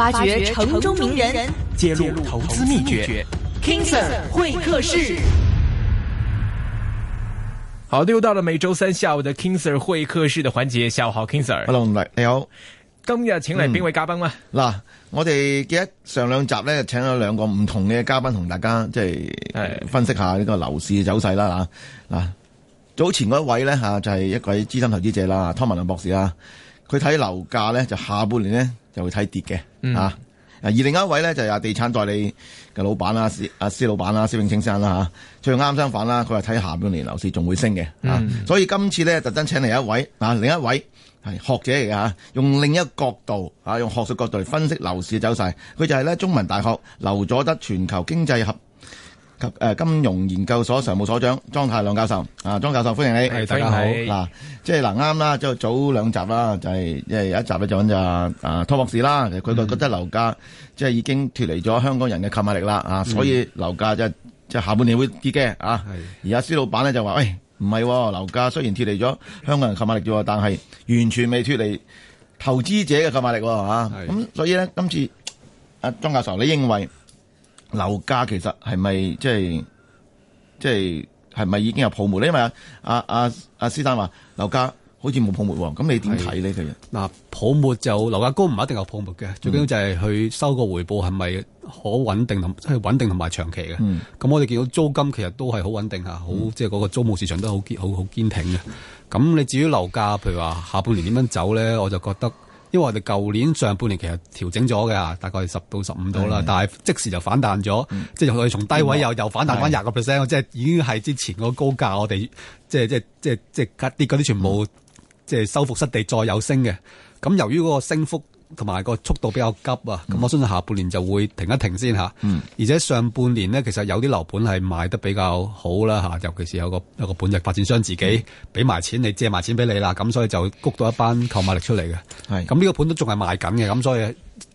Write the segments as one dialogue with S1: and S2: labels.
S1: 挖掘城中名人，揭露投資秘訣。King Sir 會客室，好，又到了每周三下午的 King Sir 會客室的環節。下午好，King Sir。Hello，
S2: 你好。今日請嚟邊位嘉賓啦？嗱，我哋記得上兩集呢，請咗兩個唔同嘅嘉賓同大家即係分析下呢個樓市嘅走勢啦吓嗱。早前嗰一位呢，吓就係一位資深投資者啦，湯文亮博士啦，佢睇樓價呢，就下半年呢。就會睇跌嘅嚇、嗯，啊而另一位呢，就係、是、地產代理嘅老闆啦，阿阿施老闆啦，施永青先生啦嚇、啊，最啱相反啦，佢話睇下半年樓市仲會升嘅、啊嗯、所以今次呢，特登請嚟一位啊，另一位係學者嚟嘅、啊、用另一個角度啊，用學術角度嚟分析樓市走勢，佢就係呢，中文大學劉佐德全球經濟學。及誒金融研究所常務所長莊太量教授，啊莊教授，莊教授歡迎你，係。大家好。嗱，即係嗱啱啦，就早兩集啦，就係即係一集咧就揾咗啊托博士啦，佢就覺得樓價、嗯、即係已經脱離咗香港人嘅購買力啦，啊，所以樓價即係即係下半年會跌嘅，啊，而家施老闆呢就話，喂、哎、唔係、哦，樓價雖然脱離咗香港人購買力啫，但係完全未脱離投資者嘅購買力喎，咁、啊、所以呢，今次啊莊教授，你認為？樓價其實係咪即係即係係咪已經有泡沫咧？因為阿阿阿施先生話樓價好似冇泡沫，咁你點睇呢？其實嗱，
S3: 泡沫就樓價高唔一定有泡沫嘅，嗯、最緊要就係去收個回報係咪可穩定同即係穩定同埋長期嘅。咁、嗯、我哋見到租金其實都係好穩定吓，好即係嗰個租務市場都好堅好好堅挺嘅。咁你至於樓價，譬如話下半年點樣走咧，我就覺得。因為我哋舊年上半年其實調整咗嘅，大概十到十五度啦，但係即時就反彈咗，即係從從低位又又反彈返廿個 percent，即係已經係之前個高價我哋即係即係即係即係跌嗰啲全部即係收復失地再有升嘅，咁由於嗰個升幅，同埋個速度比較急啊！咁我相信下半年就會停一停先嚇。嗯。而且上半年呢，其實有啲樓盤係賣得比較好啦，尤其是有個有個本地發展商自己俾埋錢你借埋錢俾你啦，咁所以就谷到一班購買力出嚟嘅。咁、嗯、呢個盤都仲係賣緊嘅，咁所以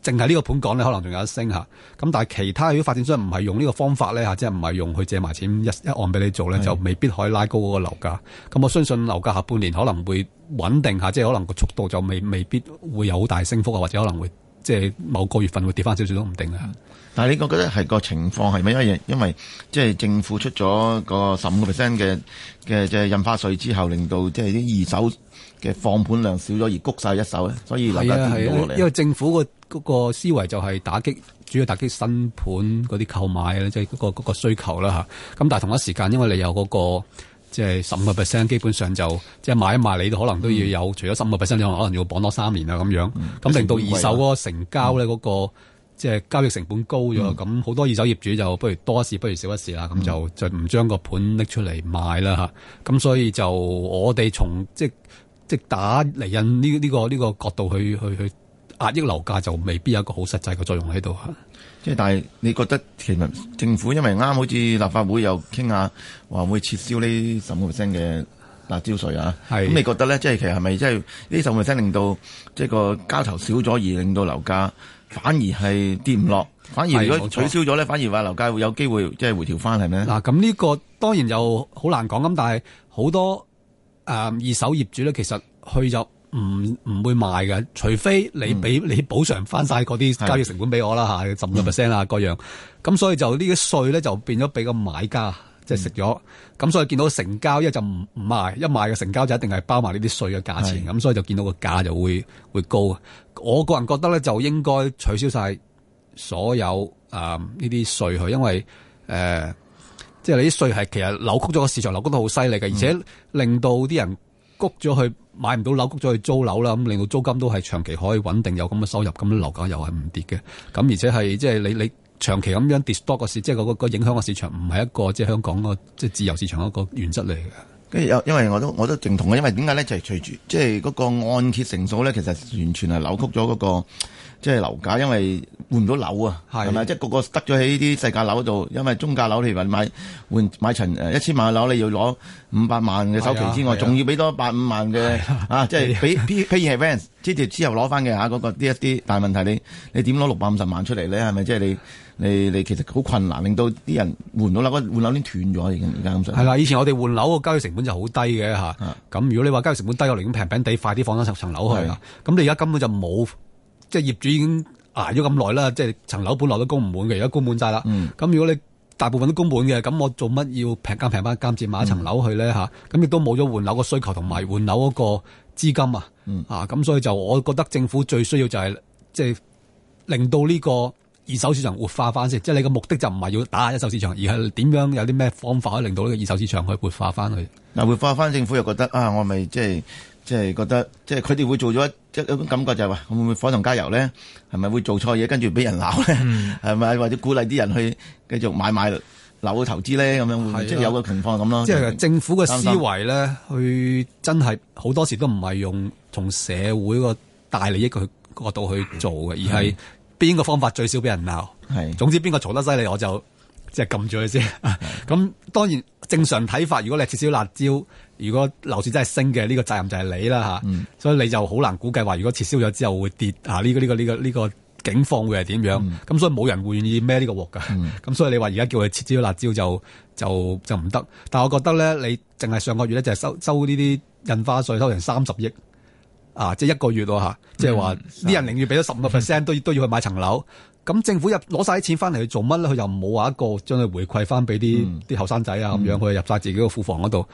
S3: 淨係呢個盤講呢可能仲有一升嚇。咁但係其他如果發展商唔係用呢個方法呢，即係唔係用去借埋錢一一按俾你做呢，就未必可以拉高嗰個樓價。咁我相信樓價下半年可能會。穩定下，即係可能個速度就未未
S2: 必會有好大升幅啊，或者可能會即係某個月份會跌翻少少都唔定啊。但係你我覺得係個情況係咩？因為因為即係政府出咗個十五個 percent 嘅嘅即係印花稅之後，令到即係啲二手嘅放盤量少咗而谷晒一手咧，所以大家、啊啊、因為
S3: 政府個個思維就係打擊主要打擊新盤嗰啲購買咧，即係嗰個、嗰個需求啦吓。咁但係同一時間，因為你有嗰、嗰個。即係十五個 percent，基本上就即係、就是、買一賣，你都可能都要有，嗯、除咗十五個 percent，你可能要綁多三年啊咁樣。咁令到二手嗰個成交咧，嗰、那個即係、就是、交易成本高咗，咁、嗯、好多二手業主就不如多一事不如少一事啦，咁就就唔將個盤拎出嚟賣啦嚇。咁、嗯、所以就我哋從即即打利潤呢呢個呢、這個這個角
S2: 度去去去壓抑樓價，就未必有一個好實際嘅作用喺度即係，但係你覺得其實政府因為啱，好似立法會又傾下話會撤銷呢十五 percent 嘅辣招稅啊。咁你覺得咧，即係其實係咪即係呢十五 percent 令到即係個交投少咗，而令到樓價反而係跌唔落？反而如果取消咗咧，反而話樓價會有機會即係回調返係咩？嗱，咁呢個當然又好難講咁，
S3: 但係好多、嗯、二手業主咧，其實去咗。唔唔會賣嘅，除非你俾、嗯、你補償翻曬嗰啲交易成本俾我啦吓，十五 percent 啦各樣。咁、嗯、所以就呢啲稅咧就變咗俾個買家即係食咗。咁、嗯就是、所以見到成交一就唔唔賣，一賣嘅成交就一定係包埋呢啲稅嘅價錢。咁所以就見到個價就會會高。我個人覺得咧就應該取消曬所有啊呢啲稅去，因為誒即係你啲稅係其實扭曲咗個市場，扭曲得好犀利嘅，而且令到啲人。谷咗去買唔到樓，谷咗去租樓啦，咁令到租金都係長期可以穩定有咁嘅收入，咁啲樓價又係唔跌嘅，咁而且係即係你你長期咁樣 disturb 個市，即係個個影響個市場，唔係一個即係香港個即係自由市場一個原則嚟
S2: 嘅。跟住有因為我都我都認同嘅，因為點解咧？就係、是、隨住即係嗰個按揭成數咧，其實完全係扭曲咗嗰、那個。即係樓價，因為換唔到樓啊，係咪？即係個個得咗喺呢啲細價樓度，因為中價樓，你如話買換買層誒一千萬嘅樓，你要攞五百萬嘅首期之外，仲要俾多百五萬嘅啊！即係俾 pay advance 之之後攞翻嘅嚇，嗰、嗰個呢一啲大問題，你你點攞六百五十萬出嚟咧？係咪？即係你你你其實好困難，令到啲人換到樓，換樓先斷咗。已經而家咁樣係啦，
S3: 以前我哋換樓個交易成本就好低嘅嚇。咁如果你話交易成本低，我嚟咁平平地快啲放咗十層樓去啦。咁你而家根本就冇。即係業主已經捱咗咁耐啦，即係層樓本來都供唔滿嘅，而家供滿晒啦。咁、嗯、如果你大部分都供滿嘅，咁我做乜要平減平翻減折買一層樓去呢？咁亦都冇咗換樓個需求同埋換樓嗰個資金啊。啊，咁、嗯啊、所以就我覺得政府最需要就係即係令到呢個二手市場活化翻先。即係你嘅目的就唔係要打壓一手市場，而係點樣有啲咩方法可以令到呢個二手市場去活化翻去？
S2: 嗱、啊，活化翻政府又覺得啊，我咪即係。即係覺得，即係佢哋會做咗一即係一種感覺、就係，就係話會唔會火上加油咧？係咪會做錯嘢，跟住俾人鬧咧？係、嗯、咪或者鼓勵啲人去繼續買買樓嘅投資咧？咁樣、嗯、即係有個情況咁咯。即係政府嘅思維
S3: 咧，去真係好多時都唔係用從社會個大利益去角度去做嘅、嗯，而係邊個方法最少俾人鬧。係、嗯。總之邊個嘈得犀利，我就即係撳咗佢先。咁、嗯、 當然正常睇法，如果你係少辣椒。如果樓市真係升嘅，呢、呢個責任就係你啦嚇、嗯，所以你就好難估計話，如果撤銷咗之後會跌嚇，呢、啊呢個呢、呢個呢、呢個呢、呢個景況會係點樣？咁、嗯、所以冇人會願意孭呢個鑊㗎。咁、嗯、所以你話而家叫佢撤銷辣椒就就就唔得。但係我覺得咧，你淨係上個月咧就收收呢啲印花稅，收成三十億啊，即係一個月喎嚇。即係話啲人寧願俾咗十五個 percent 都都要去買層樓。咁、嗯、政府入攞晒啲錢翻嚟去做乜咧？佢又冇話一個將佢回饋翻俾啲啲後生仔啊咁、嗯、樣，佢入晒自己個庫房嗰度。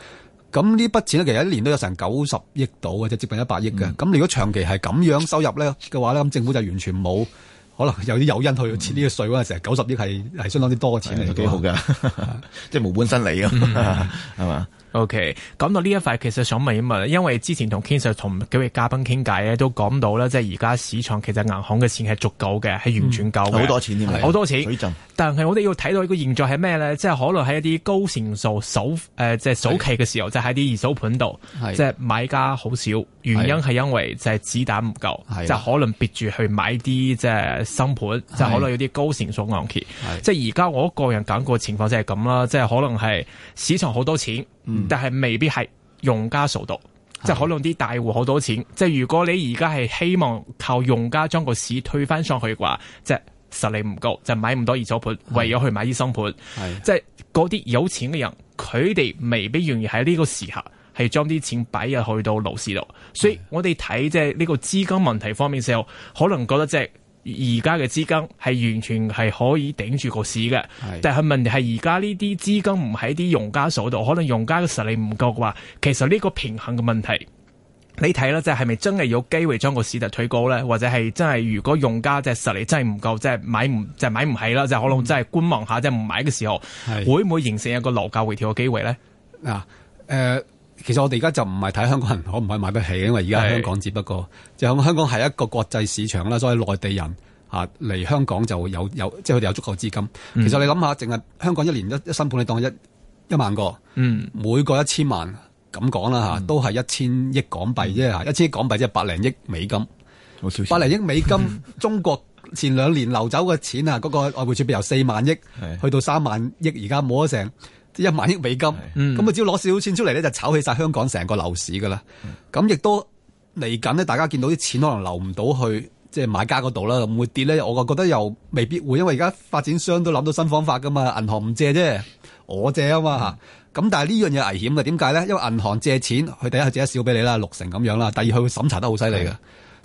S3: 咁呢筆錢呢，其實一年都有成九十億到嘅，即接近一百億嘅。咁、嗯、如果長期係咁樣收入咧嘅話咧，咁政府就完全冇可能有啲誘因去設呢個稅嗰陣時，九、嗯、十億
S1: 係相當之多嘅錢嚟嘅。幾、嗯、好噶，啊、 即係無本生利咁，係、嗯、嘛？ O.K. 講到呢一塊，其實想問一問，因為之前同 Kings 同幾位嘉賓傾偈咧，都講到啦，即係而家市場其實銀行嘅錢係足夠嘅，係完全夠好多錢添，好、嗯、多錢。多錢，但係我哋要睇到一個現象係咩咧？即係可能喺一啲高成數首誒，即係首期嘅時候，就喺啲二手盤度，即係買家好少。原因係因為就係子彈唔夠，即係可能別住去買啲即係新盤，即係可能有啲高成數按揭。即係而家我個人感覺情況即係咁啦，即係可能係市場好多錢。嗯、但係未必係用家掃度，是即係可能啲大戶好多錢，即係如果你而家係希望靠用家將個市推翻上去嘅話，即係實力唔夠，就買唔到二手盤，唯有去買依生盤，即係嗰啲有錢嘅人，佢哋未必願意喺呢個時候係將啲錢擺入去到樓市度，所以我哋睇即係呢個資金問題方面時候，可能覺得即係。而家嘅資金係完全係可以頂住個市嘅，但係問題係而家呢啲資金唔喺啲用家手度，可能用家嘅實力唔夠嘅話，其實呢個平衡嘅問題，你睇啦，即係係咪真係有機會將個市值推高咧？或者係真係如果用家即係實力真係唔夠，即係買唔即係買唔起啦，就係可能真係觀望下，即係唔買嘅時候，會唔會形成一個樓價回調嘅機會咧？嗱、啊，誒、呃。其實我哋而家就唔係睇香港人可唔可以買得起，因為而家香港只不過，就香港
S3: 係一個國際市場啦，所以內地人啊嚟香港就有有，即係佢哋有足夠資金、嗯。其實你諗下，淨係香港一年一一新盤，你當一一萬個，嗯，每個一千萬咁講啦吓，都係一千億港幣啫吓，一千億港幣即係百零億美金，我想想百零億美金。 中國前兩年流走嘅錢啊，嗰、那個外匯儲備由四萬億去到三萬億，而家冇咗成。一萬億美金，咁啊、嗯、只要攞少少錢出嚟咧，就炒起晒香港成個樓市噶啦。咁、嗯、亦都嚟緊呢，大家見到啲錢可能流唔到去即係、就是、買家嗰度啦，咁會跌咧。我就覺得又未必會，因為而家發展商都諗到新方法噶嘛，銀行唔借啫，我借啊嘛嚇。咁但係呢樣嘢危險嘅，點解咧？因為銀行借錢，佢第一係借一少俾你啦，六成咁樣啦，第二佢會審查得好犀利㗎。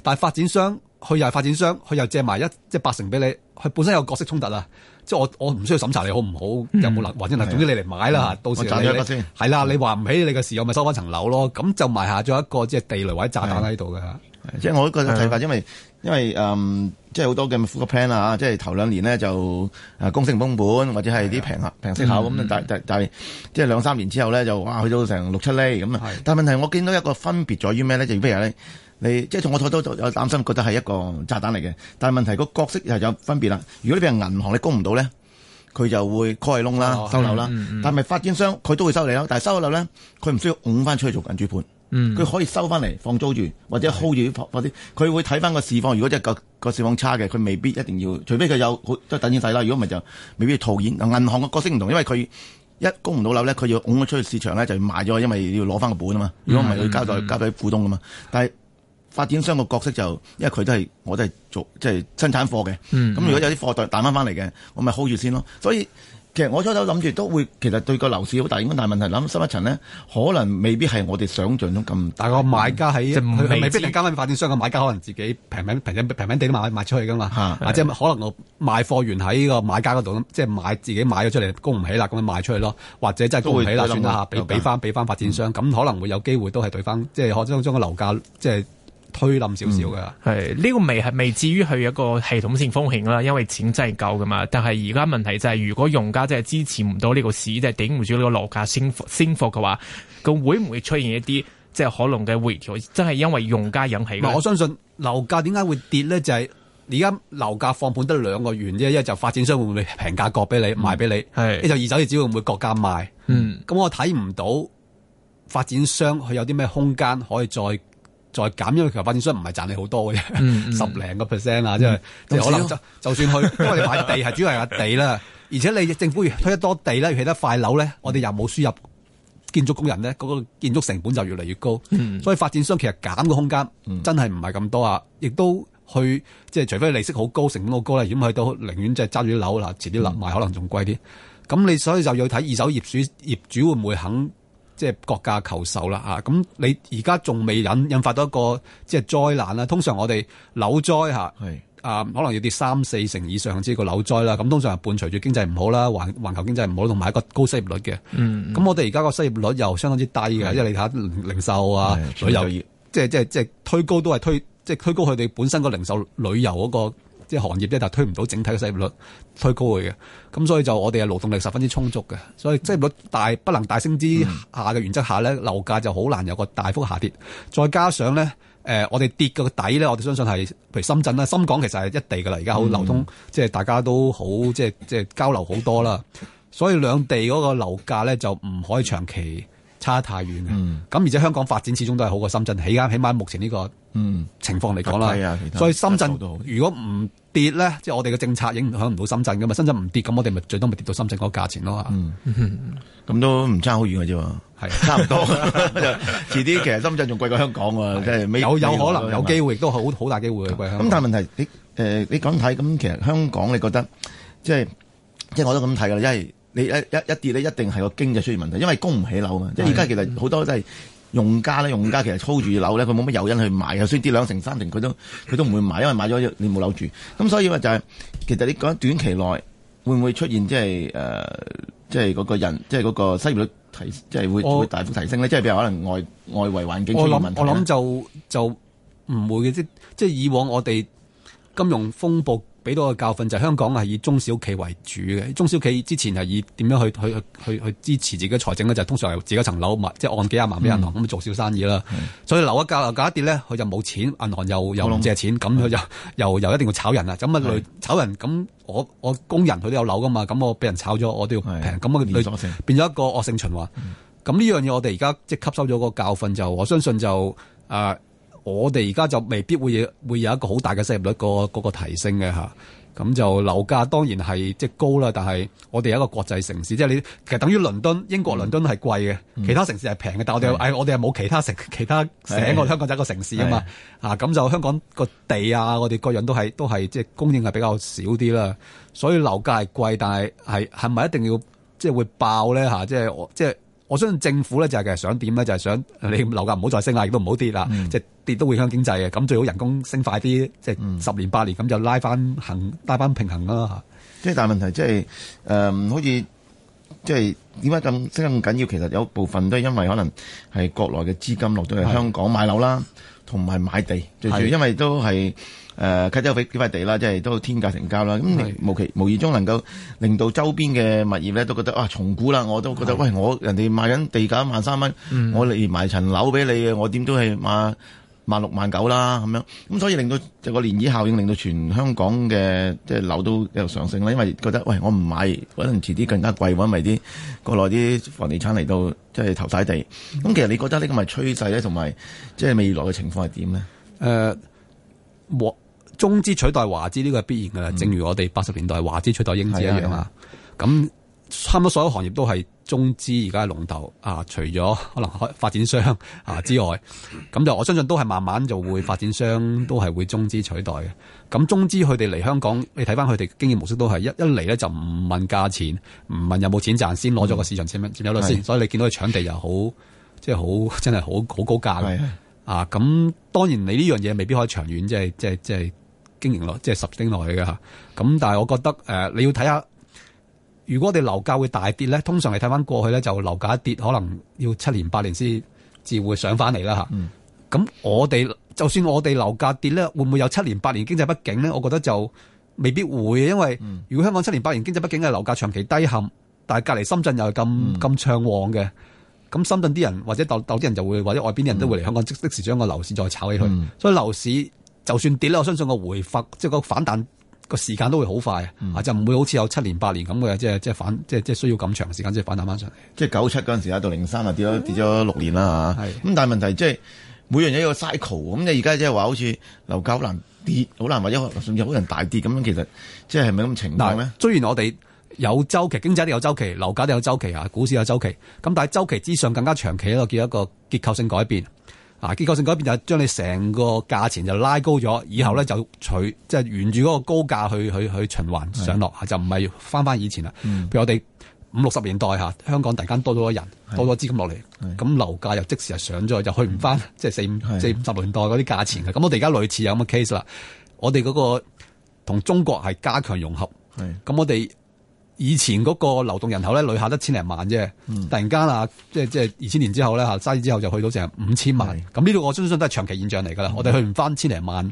S3: 但係發展商，佢又係發展商，佢又借埋一即係、就是、八成俾你，佢本身有角色衝突啊。即係我我唔需要審查你好唔好，嗯、有冇能或者嗱，總之你嚟買啦，到時我一先係啦，你話唔起你嘅時候咪收翻層樓咯。咁就埋下咗一個即係地雷或者炸彈喺度嘅。
S2: 即係我都個睇法，因為因為誒、嗯，即係好多嘅複合 plan 啊，即係頭兩年呢就誒供升崩本或者係啲平平息口咁，但但但即係兩三年之後呢就哇去到成六七厘咁，但係問題我見到一個分別在於咩咧？就譬如你即係同我太多有擔心，覺得係一個炸彈嚟嘅。但係問題個角色又有分別啦。如果你譬如銀行，你供唔到咧，佢就會 call 窿啦，收樓啦、嗯。但係發展商佢都會收你啦。但係收咗樓咧，佢唔需要拱翻出去做緊主盤，佢、嗯、可以收翻嚟放租住或者 hold 住啲房。佢會睇翻個市況。如果即係個個市況差嘅，佢未必一定要。除非佢有好都等於細啦。如果唔係就未必套現。銀行嘅角色唔同，因為佢一供唔到樓咧，佢要拱咗出去市場咧，就要賣咗，因為要攞翻個本啊嘛。如果唔係佢交代、嗯、交代交代股東啊嘛。但係。發展商個角色就，因為佢都係，我都係做即係生產貨嘅。咁、嗯、如果有啲貨袋彈翻翻嚟嘅，我咪 hold 住先咯。所以其實我初頭諗住都會，其實對個樓市好大影響。但係問題諗深一層呢，可能未必係我哋想像中咁大個買家喺，未必逼加翻發展商個買家可能自己
S3: 平平平平地都賣、啊、賣出去㗎嘛？即係可能我賣貨完喺個買家嗰度，即係買自己買咗出嚟供唔起啦，咁樣賣出去咯，或者真係供唔起啦，算啦嚇，俾俾翻俾翻發展
S1: 商，咁、嗯、可能會有機會都係對翻，即即係。推冧少少嘅，係呢、這個未係未至於去一個系統性風險啦，因為錢真係夠噶嘛。但係而家問題就係、是，如果用家真係支持唔到呢個市，即係頂唔住呢個樓價升升幅嘅話，咁會唔會出現一啲即係可能嘅回調？真係因為用家引起嗱，我相信樓價點解會跌咧？就係、是、而家樓價放盤得兩個原因啫，一就發展商會唔會平價
S3: 割俾你賣俾你？係一就二手業主會唔會割價賣？嗯、咁、嗯、我睇唔到發展商佢有啲咩空間可以再。再減，因為其實發展商唔係賺你好多嘅啫、嗯嗯，十零個 percent 啊、嗯。即係即係可能就算去，嗯、因為你買地係 主要係地啦，而且你政府越推得多地咧，而得塊樓咧，我哋又冇輸入建築工人咧，嗰個建築成本就越嚟越高、嗯，所以發展商其實減嘅空間真係唔係咁多啊，亦、嗯、都去即係除非利息好高，成本好高咧，如果去到，寧願即係揸住啲樓嗱，遲啲攬賣可能仲貴啲，咁、嗯、你所以就要睇二手業主業主會唔會肯？即、就、係、是、國家求售啦，咁你而家仲未引引發到一個即係災難啦。通常我哋樓災啊可能要跌三四成以上之個樓災啦。咁通常係伴隨住經濟唔好啦，環球經濟唔好同埋一個高失業率嘅。咁嗯嗯我哋而家個失業率又相當之低嘅，即、就是、你睇零零售啊，啊旅遊業，即即即推高都係推即係、就是、推高佢哋本身個零售旅遊、那、嗰個。即、就、係、是、行業咧，就推唔到整體嘅失業率推高佢嘅，咁所以就我哋嘅勞動力十分之充足嘅，所以失業率大不能大升之下嘅原則下咧、嗯，樓價就好難有個大幅下跌。再加上咧，誒我哋跌個底咧，我哋相信係譬如深圳啦、深港其實係一地㗎啦，而家好流通，即、嗯、係、就是、大家都好即係即係交流好多啦，所以兩地嗰個樓價咧就唔可以長期。差太遠嘅、嗯、而且香港發展始終都係好過深圳，起啱起碼目前呢個情況嚟講啦。所以深圳如果唔跌呢，即係我哋嘅政策影響唔到深圳噶嘛。深圳唔跌，咁我哋
S2: 咪最多咪跌到深圳嗰個價錢咯咁、嗯嗯、都唔差好遠嘅啫，係差唔多。遲 啲 其實深圳仲貴過香港喎，即係有有可能有機會，亦都好大機會貴。咁但係問題，你誒、呃、你咁睇咁，其實香港你覺得即係即係我都咁睇㗎喇，因為。你一一一跌咧，一定係個經濟出現問題，因為供唔起樓啊！即係而家其實好多都係用家咧，用家其實 hold 住樓咧，佢冇乜誘因去買，就算跌兩成三成，佢都佢都唔會買，因為買咗你冇樓住。咁所以咪就係，其實你講短期內會唔會出現即係誒，即係嗰個人，即係嗰個失業率提，即係會會大幅提升呢？即係譬如可能外外圍環境出現問題咧？我諗我諗就就唔會嘅，即即係以
S3: 往我哋金融風暴。俾到個教訓就係，香港係以中小企為主嘅，中小企之前係以點樣去去去去支持自己嘅財政呢？就係，通常係自己一層樓即，就係，按幾廿萬俾銀行咁，嗯、做小生意啦。所以樓一價樓價一跌呢，佢就冇錢，銀行又又冇借錢，咁佢就又，嗯，又，又一定要炒人啦。咁啊嚟炒人，咁我我工人佢都有樓噶嘛，咁我俾人炒咗，我都要平。咁啊對，變咗一個惡性循環。咁，嗯，呢樣嘢我哋而家即係吸收咗個教訓，就我相信就啊。我哋而家就未必會有一有一個好大嘅失業率個個個提升嘅嚇，咁就樓價當然係即係高啦，但係我哋有一個國際城市，即係你其實等於倫敦、英國倫敦係貴嘅，其他城市係平嘅，但我哋誒、哎、我哋係冇其他城其他成個香港就一個城市啊嘛，啊咁就香港個地啊，我哋各樣都係都係即係供應係比較少啲啦，所以樓價係貴，但係係係咪一定要即係會爆咧嚇？即係我即係。我相信政府咧就係其實想點咧就係、是、想你樓價唔好再升啦，亦都唔好跌啦，即、嗯、係跌都會影響經濟。咁最好人工升快啲，即、
S2: 就、係、是、十年八年咁就拉翻衡，拉翻平衡啦。即、嗯、係但問題，即係誒，好似即係。就是點解咁即係咁緊要？其實有部分都係因為可能係國內嘅資金落到喺香港買樓啦，同埋買地，最主要因為都係誒啟州嗰幾塊地啦，即係、呃、都係天價成交啦。咁無期無意中能夠令到周邊嘅物業咧，都覺得啊重估啦，我都覺得喂，我人哋賣緊地價萬三蚊，我嚟埋層樓俾你，我點都係買。啊萬六萬九啦，咁樣，咁所以令到即係個漣漪效應，令到全香港嘅即係樓都又上升啦。因為覺得喂，我唔買，可能遲啲更加貴，或者搵埋啲國內啲房地產嚟到即係投晒地。咁其實你覺得你趨勢，呢個咪趨勢咧，同埋即係未來嘅情況係點呢？誒、
S3: 呃，中資取代華資呢個係必然噶啦、嗯。正如我哋八十年代華資取代英資一樣啊。咁、啊、差唔多所有行業都係。中資而家係龍頭啊！除咗可能開發展商啊之外，咁就我相信都係慢慢就會發展商都係會中資取代嘅。咁中資佢哋嚟香港，你睇返佢哋經營模式都係一一嚟咧就唔問價錢，唔問有冇錢賺，先攞咗個市場先、嗯，先有落先。所以你見到佢搶地又好，即係好真係好好高價啊，咁當然你呢樣嘢未必可以長遠，即係即係即係經營落，即、就、係、是、十丁落去嘅嚇。咁但係我覺得誒、呃，你要睇下。如果我哋樓價會大跌咧，通常嚟睇翻過去咧，就樓價一跌，可能要七年八年先至會上翻嚟啦吓。咁我哋就算我哋樓價跌咧，會唔會有七年八年經濟不景咧？我覺得就未必會，因為如果香港七年八年經濟不景嘅，樓價長期低陷，但係隔離深圳又係咁咁暢旺嘅，咁深圳啲人或者斗逗啲人就會或者外邊啲人都會嚟香港即即時將個樓市再炒起去。嗯、所以樓市就算跌咧，我相信個回復即係個反彈。個時間都會好快啊、嗯，就唔會好似有七年八年咁嘅，
S2: 即係即係反，即係即係需要咁長時間即係反彈翻上嚟。即係九七嗰陣時啊，到零三啊跌咗跌咗六年啦，吓。咁但係問題即係每樣嘢一個 cycle，咁你而家即係話好似樓價好難跌，好難或者甚至好人大跌咁樣，其實即係係咪咁情況咧？雖然我哋
S3: 有周期經濟都有周期，樓價都有周期啊，股市有周期。咁但係周期之上更加長期咧，我叫一個結構性改變。啊，結構性改變就係將你成個價錢就拉高咗，以後咧就取即係、就是、沿住嗰個高價去去去循環上落，就唔係翻翻以前啦、嗯。譬如我哋五六十年代吓，香港突然間多咗人，多咗資金落嚟，咁樓價又即時上又上咗，就去唔翻即係四五四五十年代嗰啲價錢嘅。咁我哋而家類似有咁嘅 case 啦。我哋嗰個同中國係加強融合，咁我哋。以前嗰個流動人口咧，旅客得千零萬啫、嗯。突然間啊，即係即二千年之後咧嚇，三年之後就去到成五千萬。咁呢度我相信都係長期現象嚟㗎啦。我哋去唔翻千零萬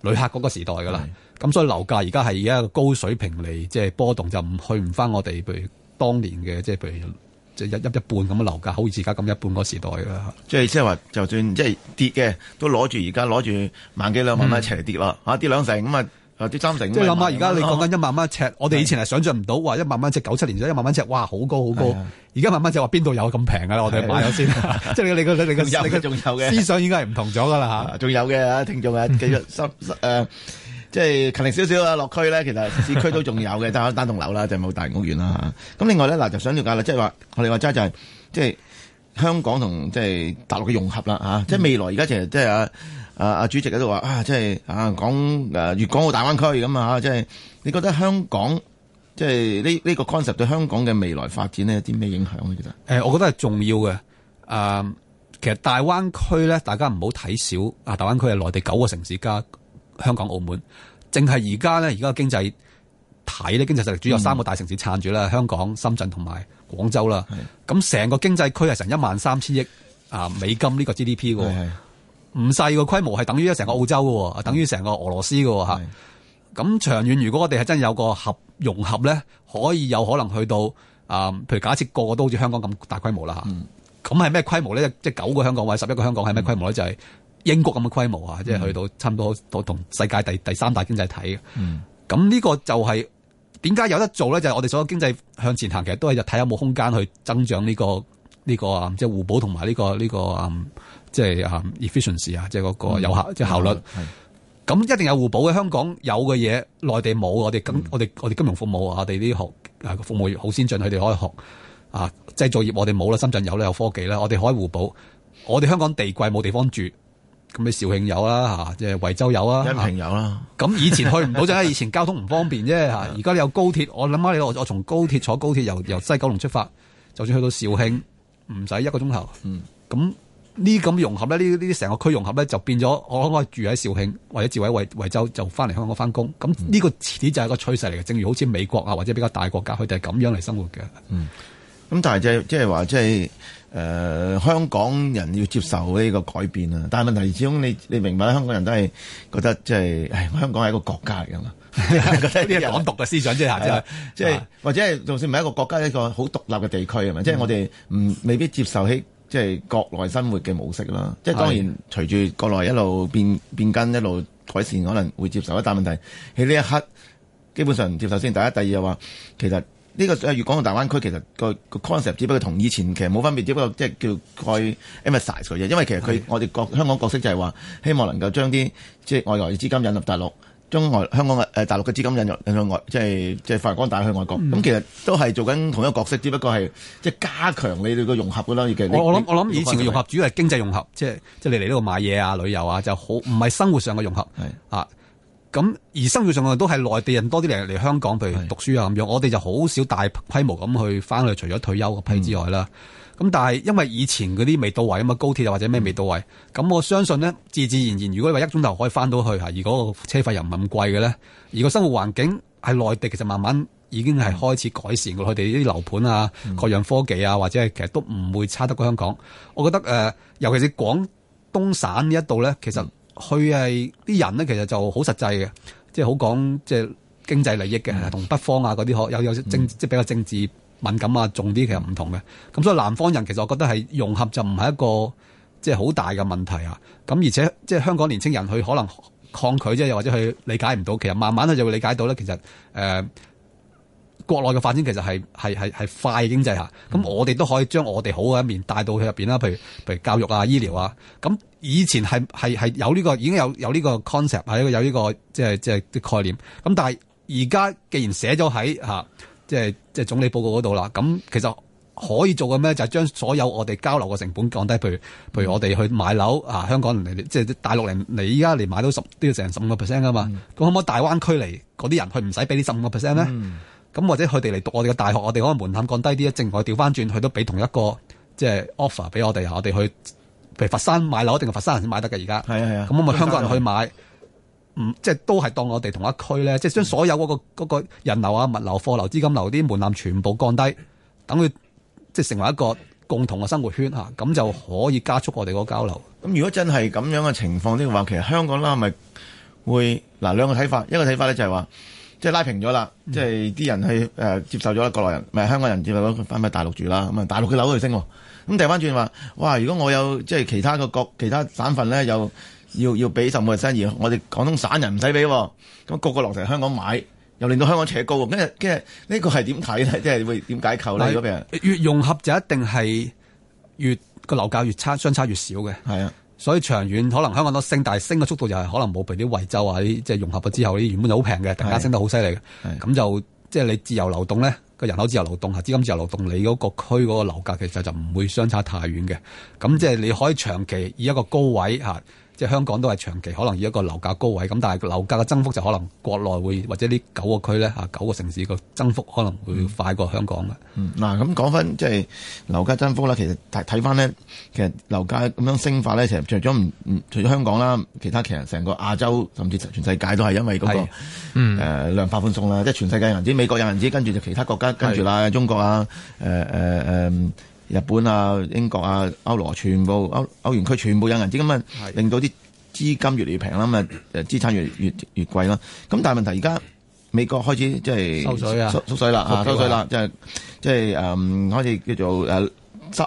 S3: 旅客嗰個時代㗎啦。咁所以樓價而家係而家一個高水平嚟，即係波動就唔去唔翻我哋譬如當年嘅，即係譬如即係一一半咁嘅樓價，好似而家咁一半嗰時代
S2: 㗎啦。即即係話，就算即係跌嘅，都攞住而家攞住萬幾兩萬蚊一齊嚟跌啦。嚇、嗯啊，跌兩成咁啊！啊啲三成，即係諗下，而家你講緊
S3: 一萬蚊尺，嗯，我哋以前係想象唔到，哇！一萬蚊尺九七年啫，一萬蚊尺，哇！好高好高，而家一萬蚊尺話邊度有咁平嘅？我哋買咗先，先 即係你個你個你個你嘅，思
S2: 想應該係唔同咗噶啦吓，仲有嘅聽眾啊，繼續誒，即係勤力少少啊，落區咧，其實市區都仲有嘅，得 單棟樓啦，就冇、是、大型屋苑啦吓。咁、啊、另外咧嗱，就想了解啦，即係話我哋話齋就係即係香港同即係大陸嘅融合啦吓，即係未來而家其實即係。啊！阿主席喺度話啊，即係啊講誒，粵港澳大灣區咁啊，即係、啊啊、你覺得香港即係呢呢個 concept 對香港嘅未來發展呢有啲咩影響咧？其實誒，我覺得係重要嘅。誒、呃，其
S3: 實大灣區咧，大家唔好睇少啊！大灣區係內地九個城市加香港、澳門，淨係而家咧，而家個經濟睇呢經濟實力主要三個大城市撐住啦，嗯、香港、深圳同埋廣州啦。咁成個經濟區係成一萬三千億啊美金呢個 GDP 嘅。唔細個規模係等於一成個澳洲㗎喎，等於成個俄羅斯㗎喎嚇。咁長遠如果我哋係真係有個合融合咧，可以有可能去到啊，譬如假設個個都好似香港咁大規模啦嚇。咁係咩規模咧？即係九個香港或者十一個香港係咩規模咧？就係英國咁嘅規模啊，即係去到差唔多同世界第第三大經濟體嘅。咁、嗯、呢個就係點解有得做咧？就係我哋所有經濟向前行，其實都係睇有冇空間去增長呢個。呢、這個是、這個這個嗯、是啊，即係互補同埋呢個呢個啊，即係啊，efficiency 啊，即係嗰個有效即係效率。咁、嗯、一定有互補嘅。香港有嘅嘢，內地冇。我哋金、嗯、我哋我哋金融服務啊，我哋啲學服務業好先進，佢哋可以學啊，製造業我哋冇啦，深圳有啦，有科技啦。我哋可以互補。我哋香港地貴，冇地方住，咁你肇慶有啦嚇、啊，即係惠州有啦，恩平有啦。咁、啊啊、以前去唔到係以前交通唔方便啫。而家你有高鐵，我諗下你我從高鐵坐高鐵由由西九龍出發，就算去到肇慶。唔使一個鐘頭，咁呢咁融合咧，呢呢啲成個區融合咧，就變咗我可可住喺肇慶或者自喺惠惠州就翻嚟香港翻工，咁呢個遲啲就係個趨勢嚟嘅。正如好似美國啊或者比較大國家，佢哋係
S2: 咁樣嚟生活嘅。嗯，咁但係即係即係話即係誒，香港人要接受呢個改變啊！但係問題始終，你你明白香港人都係覺得即係，唉，香港係一個國家嚟噶嘛。你係覺得呢啲港獨嘅思想啫嚇、就是，即係即係或者係就算唔係一個國家，一個好獨立嘅地區係咪？即、嗯、係、就是、我哋唔未必接受起即係、就是、國內生活嘅模式啦。即、就、係、是、當然隨住國內一路變變更，一路改善，可能會接受一啲問題。喺呢一刻，基本上接受先第一，第二又話其實呢、這個粵港澳大灣區其實個個,個 concept 只不過同以前其實冇分別，只不過即係、就是、叫再 emphasize 佢因為其實佢我哋國香港角色就係話，希望能夠將啲即係外來資金引入大陸。中外香港嘅誒、呃、大陸嘅資金引入引入外，即係即係發光帶去外國。咁、嗯、其實都係做緊同一個角色，只不過係即係加強你哋嘅融合㗎啦。我我諗我諗以前嘅融合
S3: 主要係經濟融合，即係即係你嚟呢度買嘢啊、旅遊啊，就好唔係生活上嘅融合。係啊，咁而生活上嘅都係內地人多啲嚟嚟香港，譬如讀書啊咁樣。我哋就好少大規模咁去翻去，除咗退休嗰批之外啦。嗯咁但係因為以前嗰啲未到位啊嘛，高鐵又或者咩未到位，咁、嗯、我相信呢，自自然然，如果你話一鐘頭可以翻到去吓，如果嗰個車費又唔係咁貴嘅咧，而個生活環境喺內地其實慢慢已經係開始改善，佢哋啲樓盤啊、各樣科技啊，或者係其實都唔會差得過香港。嗯、我覺得誒、呃，尤其是廣東省呢一度呢，其實佢係啲人呢，其實就好實際嘅，即係好講即係經濟利益嘅，同、嗯、北方啊嗰啲可有有政治、嗯、即係比較政治。敏感啊，重啲其實唔同嘅，咁所以南方人其實我覺得係融合就唔係一個即係好大嘅問題啊。咁而且即係香港年青人佢可能抗拒啫，又或者佢理解唔到，其實慢慢咧就會理解到咧。其實誒、呃、國內嘅發展其實係係係係快經濟下。咁、嗯、我哋都可以將我哋好嘅一面帶到去入邊啦、啊。譬如譬如教育啊、醫療啊，咁以前係係係有呢個已經有有呢個 concept 係一個有呢個即係即係啲概念。咁、這個就是就是、但係而家既然寫咗喺嚇即係即係總理報告嗰度啦，咁其實可以做嘅咩就係將所有我哋交流嘅成本降低，譬如譬如我哋去買樓啊，香港人嚟即係大陸人嚟依家嚟買都十都要成十五個 percent 㗎嘛，咁、嗯、可唔可以大灣區嚟嗰啲人佢唔使俾啲十五個 percent 咧？咁、嗯、或者佢哋嚟讀我哋嘅大學，我哋嗰個門檻降低啲啊，正我調返轉佢都俾同一個即係 offer，俾我哋，我哋去譬如佛山買樓，定係佛山人先買得嘅而家？係啊係啊，咁我咪香港人去買。唔即係都係當我哋同一區咧，即係將所有嗰個嗰個人流啊、物流、貨流、資金流啲門檻全部降低，等佢即係成為一個共同嘅生活圈嚇，咁就可以
S2: 加速我哋嗰個交流。咁如果真係咁樣嘅情況的話，其實香港啦，咪會嗱兩個睇法，一個睇法咧就係話即係拉平咗啦，即係啲人去誒接受咗國內人，咪香港人接受咗翻去大陸住啦，咁啊大陸嘅樓又升。咁掉翻轉話，哇！如果我有即係其他嘅國其他省份咧有。要要俾十五 p 生意，我哋廣東省人唔使俾，咁、那個個落成香港買，又令到香港扯高喎、啊。咁即係呢個係點睇咧？即係會點解求你嗰
S3: 越融合就一定係
S2: 越個樓價越差，
S3: 相差越少嘅。係啊，所以長遠可能香港都升，但係升嘅速度又、就、係、是、可能冇俾啲惠州啊啲即係融合咗之後，呢原本就好平嘅，突然間升得好犀利。咁、啊、就即係你自由流動咧，個人口自由流動啊，資金自由流動，你嗰個區嗰個樓價其實就唔會相差太遠嘅。咁即係你可以長期以一個高位嚇。即係香港都係長期可能以一個樓價高位咁，但係樓價嘅增幅就可能國內，會或者呢九個區咧，九個城市個增幅可能會快
S2: 過香港嘅。嗯，嗱咁講翻即係樓價增幅啦，其實睇返翻咧，其實樓價咁樣升法咧，其實除咗唔除咗香港啦，其他其實成個亞洲甚至全世界都係因為嗰、那個、嗯呃、量化寬鬆啦，即係全世界有銀紙，美國有銀紙，跟住就其他國家跟住啦，中國啊，誒、呃、誒、呃日本啊、英國啊、歐羅全部歐歐元區全部印銀紙咁啊，令到啲資金越嚟越平啦，咁啊資產越嚟越越貴啦。咁但係問題而家美國開始即係收，收水啊，縮水啦、啊，收水啦，即係即係誒開始叫做誒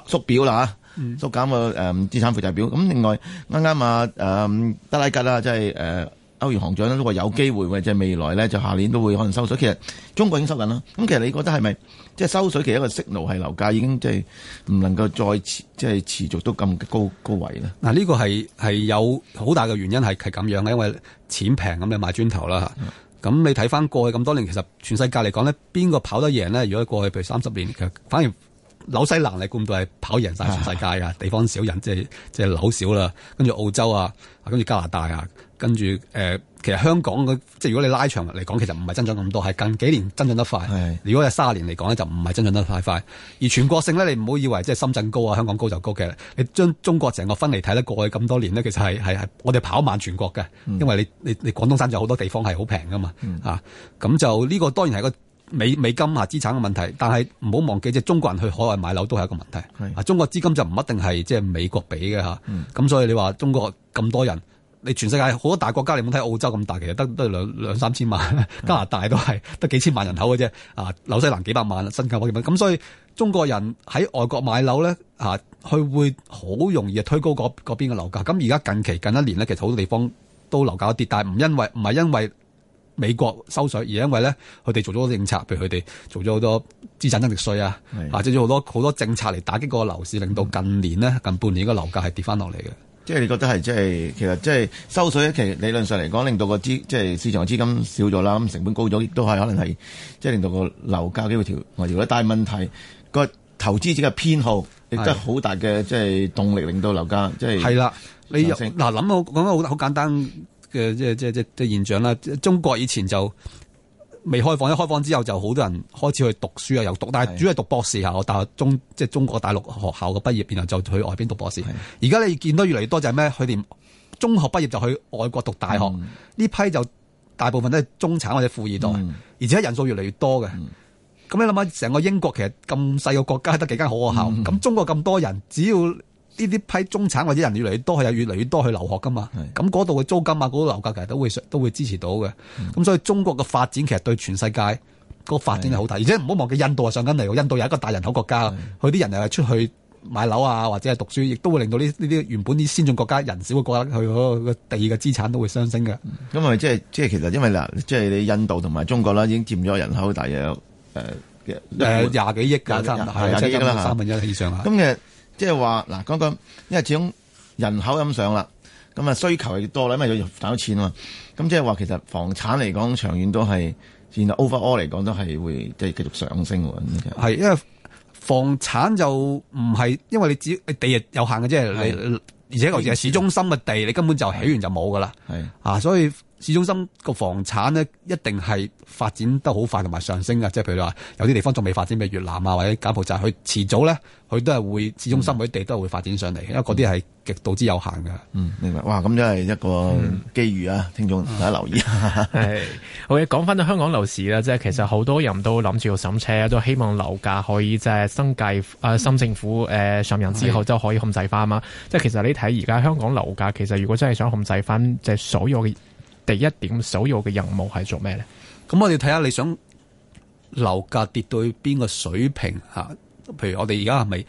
S2: 縮表啦、嗯，縮減個誒資產負債表。咁另外啱啱啊誒、啊、德拉吉啦、啊，即係誒。啊歐元行長都話有機會，或者未來咧就下年都會可能收水。其實中國已經收緊啦。咁其實你覺得係咪即係收水嘅一個訊號係樓價已經即係唔能夠再持即係持續都咁高高位咧？嗱、啊，呢、呢個係
S3: 係有好大嘅原因係係咁樣嘅，因為錢平咁你買磚頭啦。咁你睇翻過去咁多年，其實全世界嚟講呢，邊個跑得贏呢？如果過去譬如三十年，其實反而。紐西蘭你估唔到係跑贏晒全世界㗎？地方少人，即係即係樓少啦。跟住澳洲啊，跟住加拿大啊，跟住誒、呃，其實香港嘅即係如果你拉長嚟講，其實唔係增長咁多，係近幾年增長得快。如果係三十年嚟講咧，就唔係增長得太快。而全國性咧，你唔好以為即係深圳高啊，香港高就高嘅。你將中國成個分離睇呢過去咁多年呢，其實係係我哋跑慢全國嘅，因為你你你廣東省就好多地方係好平噶嘛、嗯、啊，咁就呢個當然係個。美美金嚇資產嘅問題，但係唔好忘記，即係中國人去海外買樓都係一個問題。係啊，中國資金就唔一定係即係美國俾嘅嚇。咁、嗯、所以你話中國咁多人，你全世界好多大國家，你冇睇澳洲咁大，其實得都係兩兩三千萬，加拿大都係得幾千萬人口嘅啫。啊，紐西蘭幾百萬，新加坡幾百萬，咁，所以中國人喺外國買樓咧嚇，佢會好容易推高嗰邊嘅樓價。咁而家近期近一年咧，其實好多地方都樓價跌，但係唔因為唔係因為。不是因為美國收水，而因為咧，佢哋做咗政策，譬如佢哋做咗好多資產增值稅啊，或者做咗好多好多政策嚟打擊個樓市，令到近年呢，近半年個樓
S2: 價係跌翻落嚟嘅。即係你覺得係即係其實即係收水咧，其實理論上嚟講，令到個資即係市場嘅資金少咗啦，成本高咗，亦都係可能係即係令到個樓價機會調如果啦。但係問題、那個投資者嘅偏好亦都係好大嘅，即係動力令到樓價即係。係啦，你嗱諗、啊、講得好好簡單。嘅即即即即現
S3: 象啦！中國以前就未開放，一開放之後就好多人開始去讀書啊，又讀，但係主要係讀博士，我大學中即係、就是、中國大陸學校嘅畢業，然後就去外邊讀博士。而家你見到越嚟越多就係咩？佢哋中學畢業就去外國讀大學，呢、嗯、批就大部分都係中產或者富二代，嗯、而且人數越嚟越多嘅。咁、嗯、你諗下，成個英國其實咁細個國家得幾間好學校，咁、嗯、中國咁多人，只要。呢啲批中產或者人越嚟越多，佢又越嚟越多去留學噶嘛？咁嗰度嘅租金啊，嗰個樓價其實都會都會支持到嘅。咁、嗯、所以中國嘅發展其實對全世界個發展係好大，而且唔好忘記印度啊上緊嚟，印度有一個大人口國家，佢啲人又係出去買樓啊，或者係讀書，亦都會令到呢呢啲原本啲先進國家人少嘅國家，佢嗰個地嘅資產都會上升嘅。因為即係
S2: 即係其實因為嗱，即、就、係、是、你印度同埋中國啦，已經佔咗人口大約誒誒廿幾、呃、億噶差唔多，係廿幾億啦，三分一以上啦。咁嘅、就是即係話嗱，講講，因為始終人口咁上啦，咁啊需求又多啦，因為又賺到錢啊嘛，咁即係話其實房產嚟講，長遠都係，然後 over all 嚟講都係會即係繼續上升喎。係，因為房產就唔係，因為你只地有限嘅，即係你，
S3: 而且尤其是市中心嘅地，你根本就起完就冇噶啦，係啊，所以。市中心個房產咧，一定係發展得好快同埋上升嘅，即係譬如話有啲地方仲未發展，譬如越南啊或者柬埔寨，佢遲早呢，佢都係會市中心嗰啲地都係會發展上嚟，因為嗰啲
S1: 係極度之有限嘅。嗯，
S2: 明白。哇，咁真係一個機遇啊、嗯，聽眾大家留意。係、
S1: 嗯， 好嘅。講翻到香港樓市咧，即係其實好多人都諗住要審車，都希望樓價可以即係新界啊新政府誒上任之後就可以控制翻啊嘛。即係其實你睇而家香港樓價，其實如果真係想控制翻即係所有嘅。第一點首要嘅任務係做咩咧？咁我哋睇下你想樓價跌到去邊個
S3: 水平吓？譬如我哋而家係咪？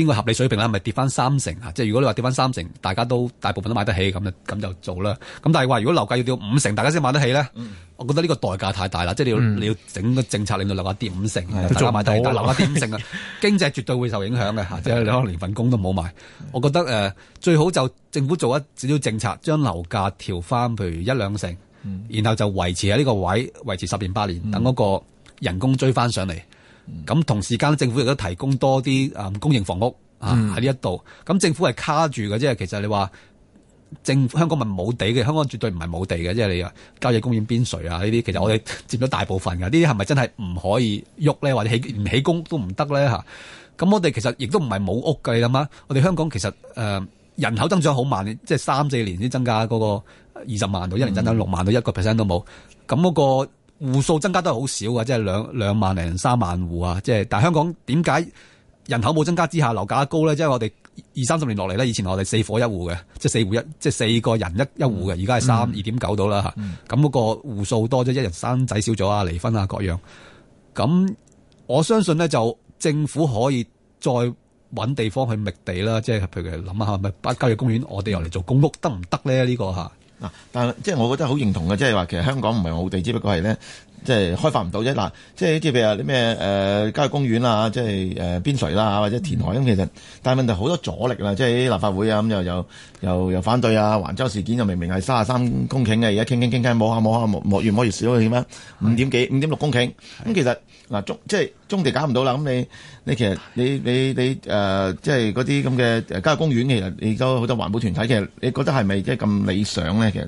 S3: 應該合理水平啦，係咪跌翻三成啊？即係如果你話跌翻三成，大家都大部分都買得起，咁咁就做啦。咁但係話如果樓價要跌五成，大家先買得起咧，嗯，我覺得呢個代價太大啦。即係你要、嗯、你要整個政策令到樓價跌五成，嗯、大家買得起，樓價跌五成啊，經濟絕對會受影響嘅嚇、嗯，即係你可能連份工都冇埋。我覺得、呃、最好就政府做一少少政策，將樓價調翻譬如一兩成，嗯、然後就維持喺呢個位，維持十年八年，嗯、等嗰個人工追翻上嚟。咁、嗯、同時間政、嗯，政府亦都提供多啲啊公營房屋啊喺呢一度。咁政府係卡住嘅。即係其實你話政府香港咪冇地嘅，香港絕對唔係冇地嘅。即、就、係、是、你郊野公園邊陲啊呢啲，其實我哋佔咗大部分㗎。呢啲係咪真係唔可以喐咧，或者起唔起工都唔得咧嚇？咁我哋其實亦都唔係冇屋計㗎。你嘛。我哋香港其實誒、呃、人口增長好慢，即係三四年先增加嗰個二十萬到，一年增加六萬到，一個 percent 都冇。咁嗰個。戶數增加都係好少噶即係兩兩萬零三萬戶啊。即係但係香港點解人口冇增加之下樓價高咧？即係我哋二三十年落嚟咧，以前我哋四火一戶嘅，即係四戶一，即係四個人一一戶嘅，嗯，而家係三二點九到啦吓，嗯。咁嗰個戶數多咗，一日生仔少咗啊，離婚啊各樣。咁我相信呢，就政府可以再搵地方去覓地啦，即係譬如諗下，係咪郊野公園我哋又嚟做公屋得唔得咧？呢個吓。
S2: 嗱、啊，但即係我覺得好認同嘅，即係話其實香港唔係冇地，只不過係咧，即係開發唔到啫。嗱，即係即譬如啲咩誒郊野公園啊，即係誒、呃、邊陲啦，或者填海咁其實，但係問題好多阻力啦，即係喺立法會啊咁又又又又反對啊，橫洲事件又明明係三十三公頃嘅，而家傾傾傾傾，冇啊冇啊，越摸越少嘅點啊，五點幾五點六公頃，咁其實。嗱，中即係中地搞唔到啦，咁你你其實你你你誒、呃，即係嗰啲咁嘅郊野公園，其實而家好多環保團體，其實你覺得係咪即係咁理想咧？其